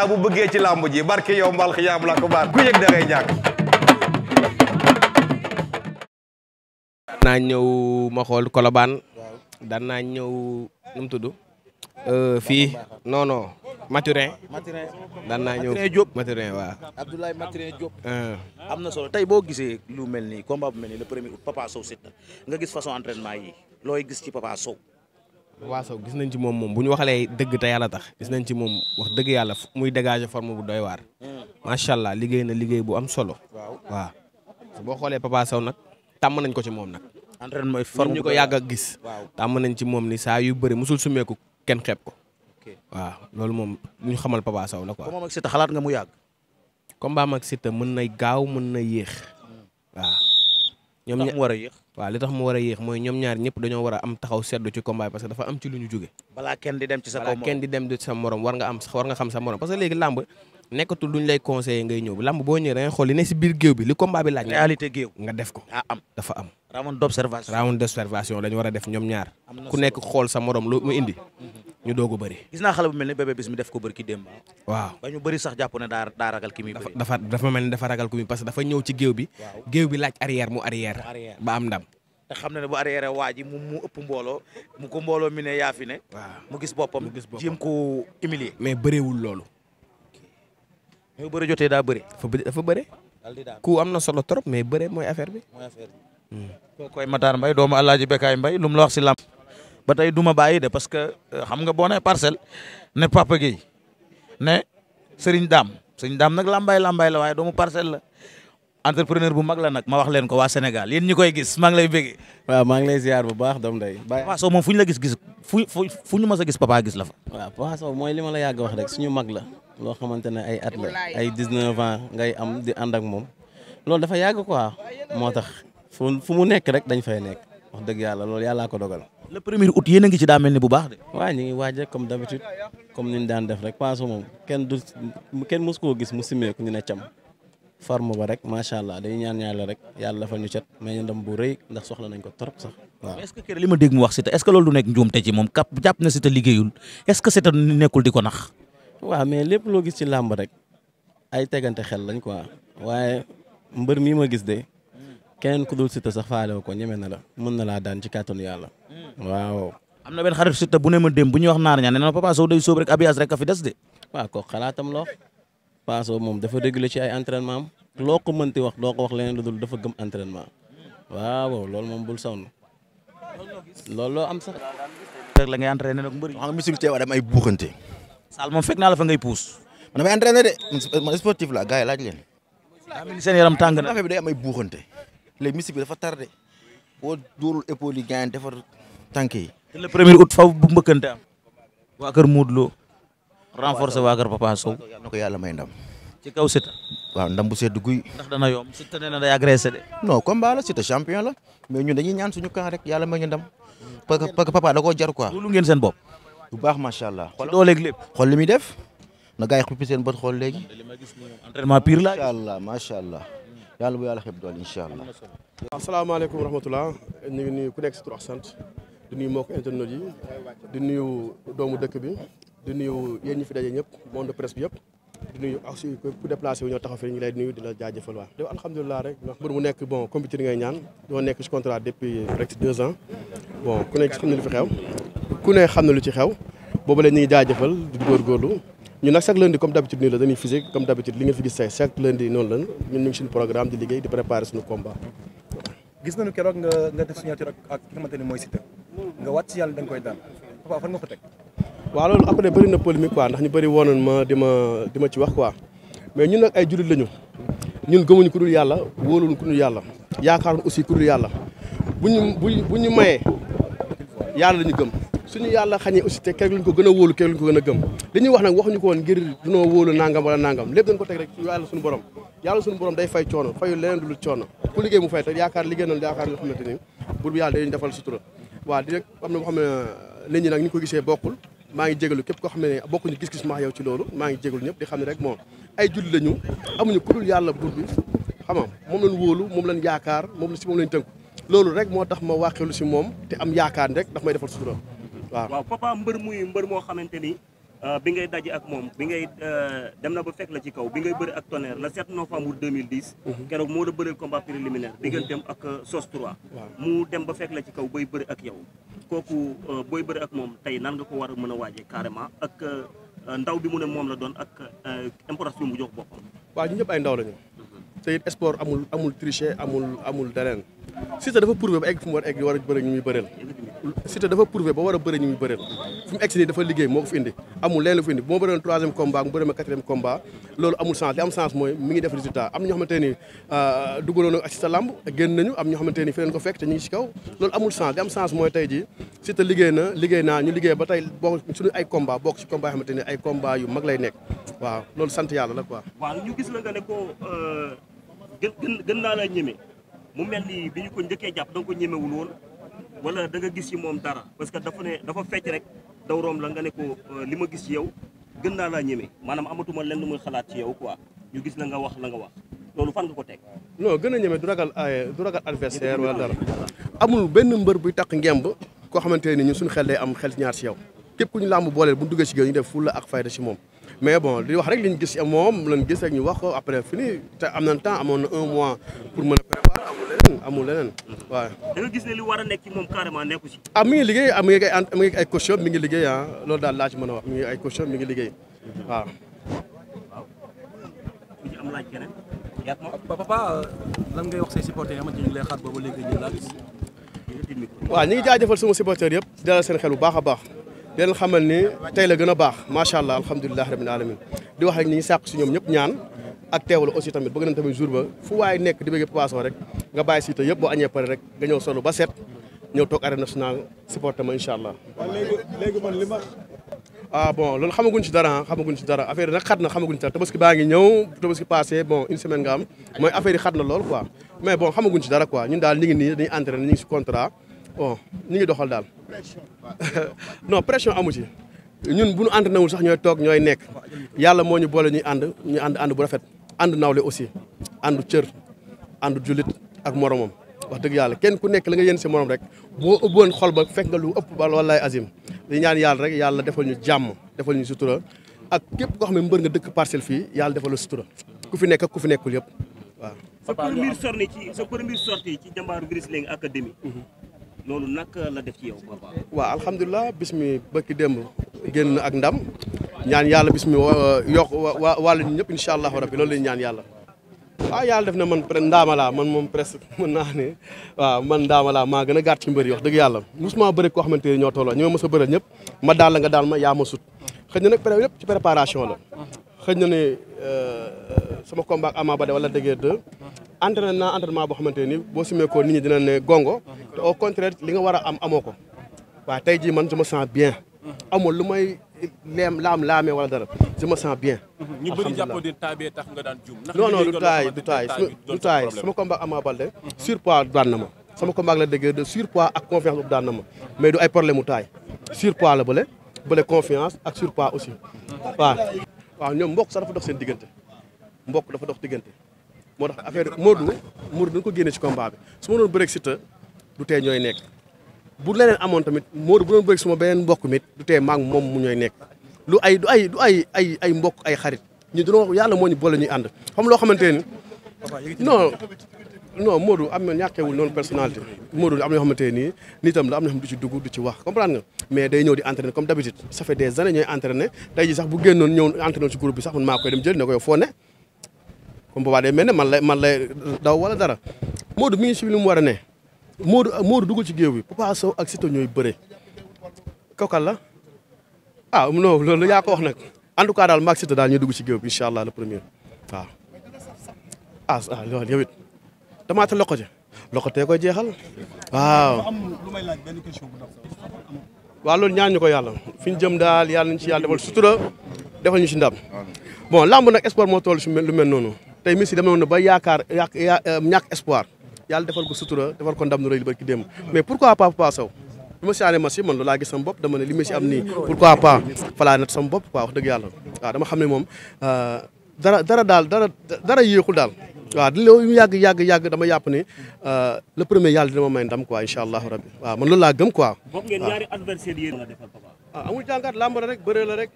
naa bu bëggee ci làmb ji barke yow mbal xiyaam la ko baar ku yëg da ngay ñàkk naa ñëw ma xool Colobane dan naa ñëw nu mu tudd euh, fii non non dan daan naa ñëw Maturin waaw Abdoulaye Maturin Diop euh. am na solo tey boo gisee lu mel ni combat bu mel ni le premier août Papa Sow sit nga gis façon entraînement yi looy gis ci Papa Sow Papa Sow gis nañ ci moom moom bu ñu waxalee dëgg te yàlla tax gis nañ ci moom wax dëgg yàlla muy dégager forme bu doy waar. Mm. macha allah liggéey na liggéey bu am solo. waaw waaw boo xoolee Papa Sow nag tàmm nañ ko ci moom nag. entraînement mooy forme ñu ko yàgg a gis. waaw tàmm nañ ci moom ni saa yu bëri mësul summeeku kenn xeeb ko. waaw loolu moom lu ñu xamal Papa Sow ko quoi. combat ak Siteu xalaat nga mu yàgg. combat ak Siteu mën na gaaw mën na yéex. Mm. waaw ñoom ñi war a yéex. waaw li tax mu war a yéex mooy ñoom ñaar ñëpp dañoo war a am taxaw seddu ci combat parce que dafa am ci lu ñu jóge balaa kenn di dem di sa morom war nga am war nga xam sa morom parce que léegi làmb nekkatul luñ lay conseillé ngay ñëw làmb boo ñëwee da xool li ne si biir géew bi li combat bi laaj réalité nga def ko dafa am round d'observation round war a def ñoom ñaar ku nekk xool sa morom mu indi mhm. ñu doog a bëri. gis naa xale bu mel ne bébé bis mi def ko bëri ki démb. waaw ba ñu sax jàpp ne daa daa ragal ki muy bëri. dafa dafa mel ni dafa ragal ku muy parce que dafa ñëw ci géew bi. géew bi laaj arrière mu arrière. ba xam na ne bu arrière waa ji mu mu ëpp mbooloo mu ko mbooloo mi ne yaa fi ne. waaw mu gis boppam mu gis boppam jéem ko humilier. mais bëreewul loolu. mais bu bëri jotee daa bëri. dafa bëri dafa bëri. ku am na solo trop mais bëri mooy affaire bi. mooy affaire bi. kooku koy Matar Mbaye doomu Alaaji Bekaay la wax si lamb ba tey du ma bàyyi de parce que euh, xam nga boo nee parcelle ne Papa Gueye ne Serigne Dame Serigne Dame nag lambay lambay la waaye doomu parcelle la entrepreneur bu mag la nag ma wax leen ko waa Sénégal yéen ñi koy gis maa lay bëggee. waaw maa ngi lay ziar bu baax doom day. Papa Sow moom fu ñu la gis gis fu fu ñu mës gis papa gis la fa. waaw Papa mooy li ma la yàgg wax rek suñu mag la loo xamante ne ay at la ay 19 ans ngay am di ànd ak moom loolu dafa yàgg quoi moo tax fu mu nekk rek dañ fay nekk wax dëgg yàlla loolu yàllaa ko dogal. le premier out yéen ngi ci daa mel ni bu baax de. waaw ñu ngi waaj rek comme d'habitude comme ni ñu daan def rek Paso moom kenn du kenn mës koo gis mu simeeku ñu ne cam farme ba rek macha allah dañu ñaan yàlla rek yàlla defal ñu cet mais ñu ndam bu rëy ndax soxla nañ ko trop sax waa est-ce que kër li ma dégg mu wax Siteu est-ce que loolu du nekk njuumte ci moom kap jàpp na Siteu liggéeyul est-ce que nekkul di ko nax. waaw mais lépp loo gis ci làmb rek ay tegante xel lañ quoi waaye mbër mi ma gis de keneen ku dul Siteu sax faale ko ñeme na la mën na laa daan ci kàttanu yàlla hmm. waaw. am na benn xarit Siteu bu a ma dem bu ñuy wax naar ñaan nee na Papa Sow day sóob rek abias rek a fi des de. waaw ko xalaatam loo Papa Sow moom dafa réguler ci ay entraînement am loo ko mënti wax loo ko wax leneen lu dul dafa gëm entraînement waaw loolu moom bul sonn loolu loo am sax. rek la ngay entraîné nag mbëri. wax nga musique teewa dem ay buuxante. Sall moom naa la fa ngay puus. man damay entraîné de man na affaire léegi mystique bi dafa tardé boo dóorul épaule yi gaañ defar tànk yi. te le premier août faw bu mbëkkante am. waa kër Modou Lo. renforcer waa kër Papa Sow. yal na ko yàlla may ndam. ci kaw Siteu. waaw ndam bu sedd guy. ndax dana yomb Siteu nee na day agressé de. non champion la mais ñun dañuy ñaan suñu camp rek yàlla ñu ndam. parce que parce que papa da koo jar ko lu ngeen seen bop bu baax macha allah. ci dooleeg lépp xool li muy def. na gars yi xuppi seen bët xool léegi. entraînement pire la. macha allah allah. yàlla bu yàlla xeeb dool incha allah. asalaamaaleykum wa rahmatulah ñu ngi nuyu ku nekk si tur ak sant di nuyu mbokk internet yi di nuyu doomu dëkk bi di nuyu yen ñi fi daje ñëpp monde presse bi yëpp. di nuyu si ku déplacé wu ñoo taxaw fi ñu ngi lay nuyu di la jaajëfal waa. def alhamdulilah rek ndax mbir mu nekk bon compétiteur ngay ñaan doo nekk si contrat depuis presque deux ans bon ku nekk xam na lu fi xew ku ne xam na lu ci xew boobu la ñuy jaajëfal di góorgóorlu. ñu nag chaque lundi comme d'habitude nii la dañuy fi gis tey chaque lundi noonu la ñun ñu ngi suñu programme di liggéey di préparer suñu combat. gis nañu keroog nga nga def signature ak ki nga xamante mooy Siteu nga waat ci yàlla da nga koy daan papa fan nga ko teg. waaw loolu après bëri na polémique quoi ndax ñu bëri woonoon ma di ma di ma ci wax quoi mais ñu nag ay jullit lañu ñun gëmuñu ku dul yàlla wóoluñu ku dul yàlla yaakaar yaakaaroon aussi ku dul yàlla bu ñu bu ñu mayee yàlla lañu gëm. suñu yàlla xañee aussi te keroog lañ ko gën a wóolu keroog lañ ko gën a gëm li ñuy wax nag waxuñu ko woon ngir dunoo wóolu nangam wala nangam lépp dañ ko teg rek yàlla suñu borom yàlla suñu borom day fay coono fayu leneen dul coono ku liggéey mu fay te yaakaar liggéey am na boo xam ne nag ni ko gisee bokkul maa ngi jégalu képp koo xam ne bokkuñu gis-gis maax yow ci loolu maa ngi jégalu ñëpp di xam ne rek moom ay julli lañu amuñu ku dul yàlla bur bi xam nga moom lañ wóolu yaakaar moom si moom lañ loolu rek moo tax ma wàqeelu si moom te am yaakaar rek daf may defal sutura waaw papa mbër muy mbër moo xamante ni euh, bi ngay daje ak moom bi ngay euh, dem na ba fekk la ci kaw bi ngay bëri ak tonnerre le 7 novembre 2010. Mhm. keroog moo la bëreel combat préliminaire mhm. digganteem ak SOS euh, 3. mu dem ba fekk la ci kaw booy bëri ak yow kooku booy bëri ak moom tey nan nga ko war a mën a waajee carrément ak ndaw bi mu ne moom la doon ak importance mu jox boppam. waaw ñu ñëpp ay ndaw lañu. Mhm. te it amul amul amul amul dareen. Siteu dafa prouvé ba egg fu mu war war a bëri ñu muy bëreel. Siteu dafa prouvé ba war a bëri ñu mu bëreel fi mu egsi nii dafa liggéey moo ko fi indi amul leen lu fi indi bu ma bëriwoon troisième combat mu bëri ma quatrième combat loolu amul sens li am sens mooy euh, ñoo xamante ni fi leen fekk te ñu ngi si kaw loolu amul sens li am sens mooy tey jii Siteu liggéey na liggéey naa ñu liggéey ba tey bokk suñu ay combat bokk si combat yoo xamante ay combat yu mag lay nekk waaw loolu sant yàlla la ko waaw ñu gis la nga ne ko euh, gën gën naa la ñeme mu mel ni bi ñu ko njëkkee jàpp da nga ko ñemewul woon wala da nga gis ci moom dara parce que dafa ne dafa fecc rek daw room la nga ne ko euh, li ma gis ci yow gën naa laa ñeme maanaam amatuma lenn muy xalaat ci yow quoi ñu gis na nga wax la nga wax loolu fan nga ko teg. non gën a ñeme du ragal du ragal adversaire wala dara. amul benn mbër buy takk ngemb koo xamante ne ñu suñu xel day am xel ñaar ci yow képp ku ñu làmb booleel bu ñu duggee ci géew ñu def fulla ak fayda ci moom. mais bon di wax rek li ñu gis moom lañ gis ñu wax ko après fini te am nañ temps amoon na un mois pour mën a amul leneen waaw. da gis ne li war a nekk ci moom carrément nekku ci. ah mi ngi liggéey ah mi ngi ay mi ngi mi ngi liggéey ah loolu daal laa ci mën a wax mi ngi ay caution mi ngi liggéey waaw. waaw. ku ci am laaj keneen. papa lan ngay ñu ngi lay xaar boobu jaajëfal sama supporters yëpp dalal seen xel bu baax a baax. di leen xamal ni tey gën a baax macha allah alhamdulilah rabbil alamin di wax rek ni ñu sàq si ñoom ñëpp ñaan. ak teew la aussi tamit bëgg nañ tamit jour ba fu waaye nekk di bëgg Papa Sow rek nga bàyyi si yëpp boo añee pare rek nga ñëw solo ba set ñëw toog arène nationale supporté ma incha allah. léegi ah loolu xamaguñ ci dara xamaguñ ci dara affaire yi nag na xamaguñ ci dara tabaski baa ngi ñëw tabaski passé bon une semaine nga am mooy affaire lool quoi mais bon xamaguñ ci dara ko ñun daal ñu ngi nii dañuy entraîné ñu ngi si contrat bon ñu ngi doxal daal. non pression amu ci ñun bu ñu entraîné wul sax ñooy toog ñooy nekk yàlla moo ñu boole ñuy ànd ñu ànd ànd bu rafet ànd nawle aussi ànd cër ànd julit ak moromam wax dëgg yàlla kenn ku nekk la nga yenn si morom rek boo ëbboon xol ba fekk nga lu ëpp ba wallaay azim di ñaan yàlla rek yàlla defal ñu jàmm defal ñu sutura ak képp koo xam ne mbër nga dëkk parcelle fii yàlla defal la sutura ku fi nekk ak ku fi nekkul yëpp waaw. sa première sortie ci sa première sortie ci jàmbaaru Wrestling mhm. loolu naka la def ci yow papa. waaw alhamdulilah bismi bëkki demb génn ak ndam. ñaan yàlla bis mi yokk wa wàllu ñun ñëpp incha allahu rabbi loolu ñaan yàlla waaw ah, yàlla def na man presque ndaama man moom presque mën naa ne waaw man ndaama laa maa gën a gàtt ci mbër yi dëgg yàlla musuma bëri koo xamante ne ñoo tolloo ñi ma mos a bëral ñëpp ma daal la nga daal ma yaa ma sut xëy na nag pré yëpp ci la xëy na ne euh, sama combat Ama Baldé wala Lac de boo xamante ni boo simee ko nit ñi dina ne gongo te au contraire li nga war a am amoo ko waaw tey jii man je me bien amul lu may leem laam laamee wala dara je me sens bien. ñu bëri jàppoo ne taay bee tax nga daan juum. ndax non non du taay du taay du taay sama combat Ama Baldé surpoids daan na ma. sama combat la déggee de surpoids ak confiance boobu daan na mais du ay problème mu taay surpoids la bële bële confiance ak surpoids aussi waaw. waaw ñoom mbokk sax dafa dox seen diggante mbokk dafa dox diggante moo tax affaire Modou Modou dañ ko génnee si combat bi su ma du tee ñooy nekk. bu leneen amoon tamit Modou bu ba bëgg suma beneen mbokk mit du te maag moom mu ñooy nekk lu ay du ay ay ay ay mbokk ay xarit ñu dunoo yàlla moo ñu boole ñu ànd xam loo xamante ni non non Modou am na ñàkkeewul noonu personnalité Modou am yoo xamante nii nitam la am na xam du ci dugg du ci wax comprendre nga mais day ñëw di entraîner comme d'habitude ça fait des années ñooy entraîner tey ji sax bu génnoon ñëw entraîner ci groupe bi sax man maa koy dem jël ne ko foo ne comme boobaa day mel ne man lay man lay daw wala dara Modou mi ngi ci li mu war a ne Modou ah, Modou dugg ci géew bi Papa Sow ak Siteu ñooy bëre kokal la ah, loolu yaa ko wax nag en tout cas daal maag daal ñuy dugg ci géew bi incha allah le premier waaw. Ah, ah loolu yow it damaa te loxo ja loxo tee koy jeexal waaw. waaw loolu ñaan ñu ko yàlla fi ñu jëm daal yàlla nañ ci yàlla defal ci ndam bon lamb nag espoir moo toll ci lu mel noonu tey Messi demoon na ba yaakaar euh, ñàkk espoir. yàlla defal ko sutura defal ko ndam lu rëy li barki démb mais pourquoi pas Papa Sow bi ma siyaane Messi man loolaa gis sama dama ne li Messi am nii pourquoi pas a nat sama bopp quoi wax dëgg yàlla waaw dama xam euh, yàgg yàgg yàgg dama yàpp ne euh, le premier yàlla dina ma may ndam quoi incha allahu rabbi man loolu laa gëm quoi. la defal papa. ah amul jàngat làmb la rek bëree la rek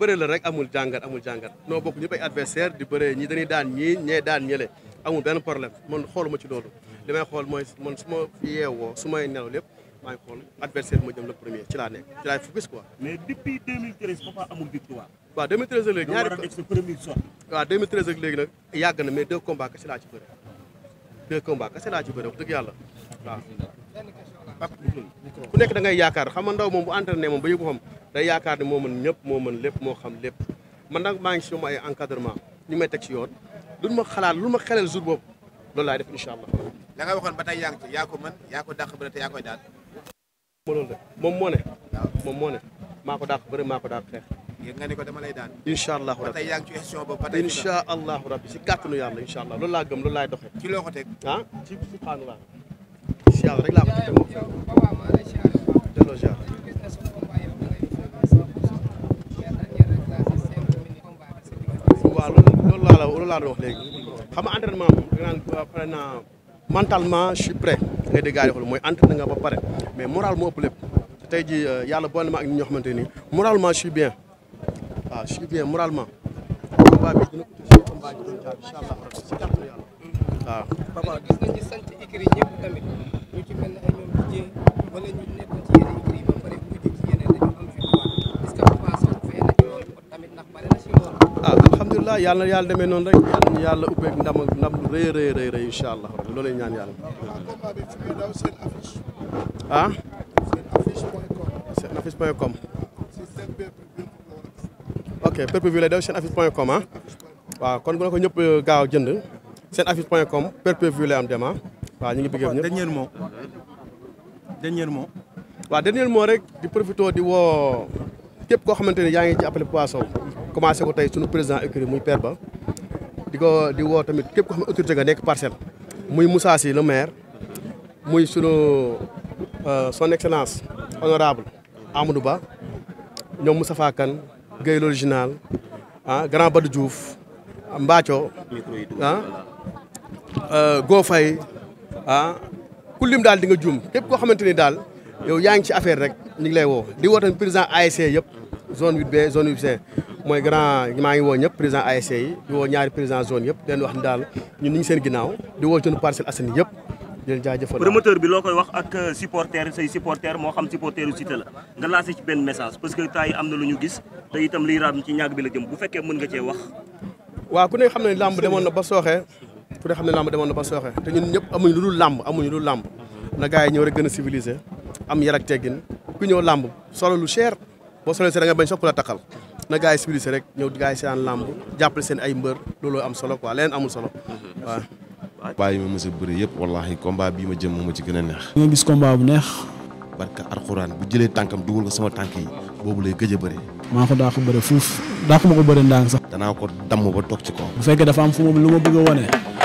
la rek amul jàngat amul jàngat noo bokk ñëpp ay adversaire di bëree ñi dañuy daan ñii ñee daan ñële amul benn problème man ma ci loolu li xool mooy man su ma yeewoo su may nelaw lépp maa ngi xool adversaire bi ma jëm le premier ci laa nekk ci laay focus quoi. mais depuis 2013 Papa amul victoire. waaw 2013 ak léegi ñaari waaw 2013 ak léegi nag yàgg na mais deux combats kese laa ci bëre deux combats kese laa ci bëre wax dëgg yàlla waaw. ku nekk da ngay yaakaar xam nga ndaw moom bu entraîné moom ba yóbbu xam day yaakaar ne moo mën ñëpp moo man lépp moo xam lépp man nag maa ngi si ay encadrement ñu may teg ci yoon. lu ma xalaat lu ma xelal jour boobu loolu laay def incha allah. la nga waxoon ba tey yaa ngi ci yaa ko mën yaa ko dàq bëri te yaa koy moom moo ne. moom moo maa ko dàq bëri maa ko dàq xeex. yéen ko dama lay daan. incha allahu rabbi ba tey ba tey. incha allahu rabbi si kàttanu yàlla incha allah loolu laa gëm loolu laay doxee. ci loo ko teg ah ci subhanallah. incha allah rek laa loolu laa la loolu laa la wax léegi xam nga entraînement moom da nga naan xool mooy entraîné nga ba pare mais moral moo ëpp lépp tey ji euh, yàlla boole ma ak ñoo xamante nii moralement je suis bien waaw ah, je suis bien moralement. combat bi dina ko tuuti combat bi si kàttanu yàlla waaw. Ah. papa gis nañu yàlla yàlla demee noonu rek yàlla na yàlla ubbeeg ndam ndam rëy rëy rëy rëy incha allah loolu lay ñaan yàlla. ah. seen affiche point com. ok perpévu lay daw seen affiche point com ah. waaw kon bu na ko ñëpp euh, gaaw jënd seen affiche point com perpévu lay am dem ah? waaw ñu ngi bëggee ñëpp dernier mot moo mot. waaw dernier mot rek di profité di woo képp koo xamante ni yaa ngi ci appelé poisson. commencé ko tey sunu président écurie muy per ba di ko di woo tamit képp ko xam autorité nga nekk parcelle muy Moussa Sy le maire muy sunu euh, son excellence honorable Amadou Ba ñoom Moustapha Kane Guèye l'original ah Grand Badou Diouf Mbathio ah euh, Go Faye ah ku lim daal di nga juum képp koo xamante ni daal yow yaa ngi ci affaire rek ñu ngi lay woo di woo tamit président ASC yëpp zone 8B zone 8C mooy grand maa ngi woo ñëpp président ASC yi di woo ñaari président zone yëpp leen wax ni daal ñun ñu ngi seen ginnaaw di woo jënd Parcelles Assainies yëpp di leen jaajëfal promoteur bi loo koy wax ak supporter say supporter moo xam supporter u Siteu la nga lancé ci benn message parce que temps am na lu ñu gis te itam liy raam ci ñaag bi la jëm bu fekkee mën nga cee wax waaw ku ne xam ne làmb demoon na ba sooxee ku ne xam ne làmb demoon na ba te ñun ñëpp amuñu lu dul làmb amuñu lu dul làmb na yi ñëw rek gën a civilisé am yar ak teggin ñëw làmb solo lu cher boo solee si da nga bañ sopp la takkal na gars yi civilisé rek ñëw gars yi seetaan làmb jàppale seen ay mbër looloo am solo quoi leneen amul solo waaw. combat yi ma mës a bëri yëpp wallaahi combat bii ma jëm moo ma ci gën a neex. bi ma gis combat bu neex. barka alxuraan bu jëlee tànkam dugal ko sama tànk yi boobu lay gëj a bëri. maa ko daa ko fuuf daa ko ma ko bëri ndànk sax. danaa ko damm ba toog ci kaw. bu fekkee dafa am fu mu lu ma bëgg a wane.